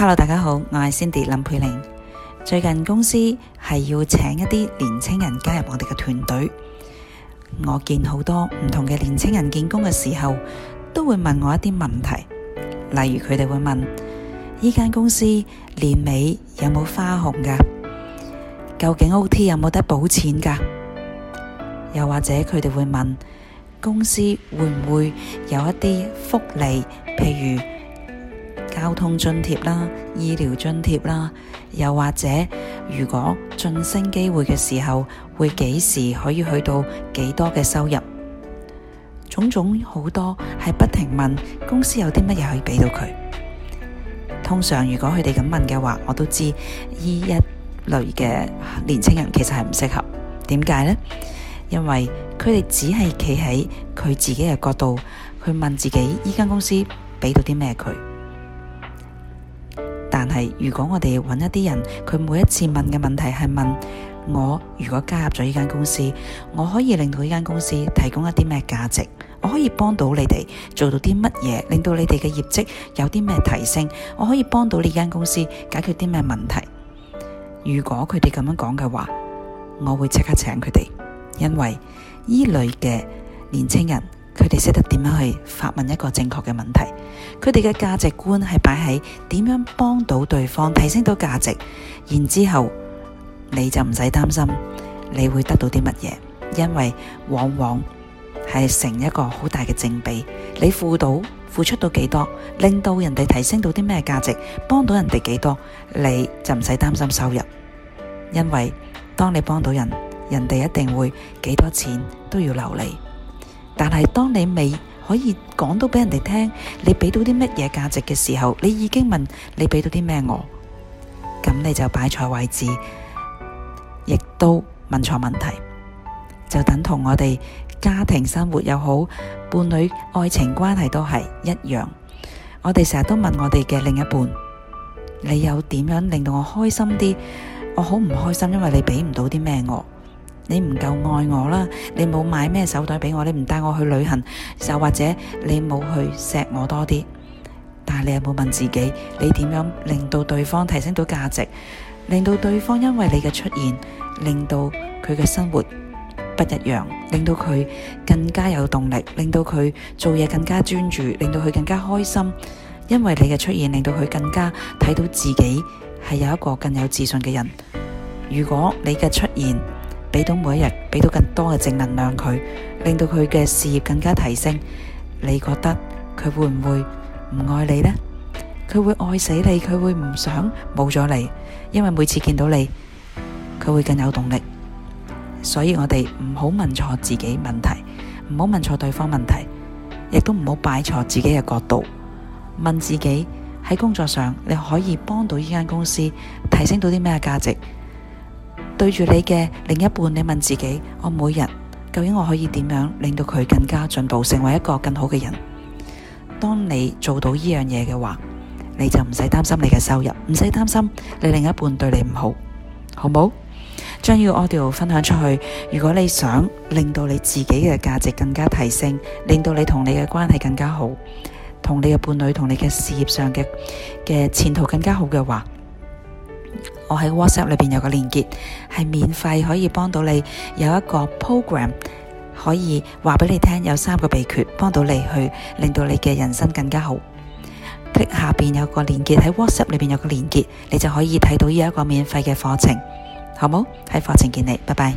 Hello，大家好，我係 Cindy 林佩玲。最近公司係要請一啲年青人加入我哋嘅團隊，我見好多唔同嘅年青人見工嘅時候，都會問我一啲問題，例如佢哋會問呢間公司年尾有冇花紅噶？究竟 OT 有冇得補錢噶？又或者佢哋會問公司會唔會有一啲福利，譬如，交通津貼啦，醫療津貼啦，又或者如果晉升機會嘅時候，會幾時可以去到幾多嘅收入，種種好多係不停問公司有啲乜嘢可以俾到佢。通常如果佢哋咁問嘅話，我都知呢一類嘅年青人其實係唔適合。點解呢？因為佢哋只係企喺佢自己嘅角度去問自己，呢間公司俾到啲咩佢。但係，如果我哋揾一啲人，佢每一次問嘅問題係問我，如果加入咗呢間公司，我可以令到呢間公司提供一啲咩價值？我可以幫到你哋做到啲乜嘢？令到你哋嘅業績有啲咩提升？我可以幫到呢間公司解決啲咩問題？如果佢哋咁樣講嘅話，我會即刻請佢哋，因為呢類嘅年青人。佢哋識得點樣去發問一個正確嘅問題，佢哋嘅價值觀係擺喺點樣幫到對方，提升到價值，然之後你就唔使擔心你會得到啲乜嘢，因為往往係成一個好大嘅正比，你付到付出到幾多，令到人哋提升到啲咩價值，幫到人哋幾多，你就唔使擔心收入，因為當你幫到人，人哋一定會幾多錢都要留你。但係當你未可以講到俾人哋聽，你俾到啲乜嘢價值嘅時候，你已經問你俾到啲咩我，咁你就擺錯位置，亦都問錯問題，就等同我哋家庭生活又好，伴侶愛情關係都係一樣。我哋成日都問我哋嘅另一半，你有點樣令到我開心啲？我好唔開心，因為你俾唔到啲咩我。你唔夠愛我啦，你冇買咩手袋俾我，你唔帶我去旅行，又或者你冇去錫我多啲。但係你有冇問自己，你點樣令到對方提升到價值，令到對方因為你嘅出現，令到佢嘅生活不一樣，令到佢更加有動力，令到佢做嘢更加專注，令到佢更加開心。因為你嘅出現，令到佢更加睇到自己係有一個更有自信嘅人。如果你嘅出現，俾到每一日，俾到更多嘅正能量佢，令到佢嘅事業更加提升。你覺得佢會唔會唔愛你咧？佢會愛死你，佢會唔想冇咗你，因為每次見到你，佢會更有動力。所以我哋唔好問錯自己問題，唔好問錯對方問題，亦都唔好擺錯自己嘅角度，問自己喺工作上你可以幫到呢間公司，提升到啲咩價值？對住你嘅另一半，你問自己：我每日究竟我可以點樣令到佢更加進步，成為一個更好嘅人？當你做到呢樣嘢嘅話，你就唔使擔心你嘅收入，唔使擔心你另一半對你唔好，好冇？好？將要 audio 分享出去。如果你想令到你自己嘅價值更加提升，令到你同你嘅關係更加好，同你嘅伴侶、同你嘅事業上嘅嘅前途更加好嘅話。我喺 WhatsApp 裏邊有個連結，係免費可以幫到你有一個 program，可以話俾你聽有三個秘訣，幫到你去令到你嘅人生更加好。click 下邊有個連結，喺 WhatsApp 裏邊有個連結，你就可以睇到呢一個免費嘅課程，好冇？喺課程見你，拜拜。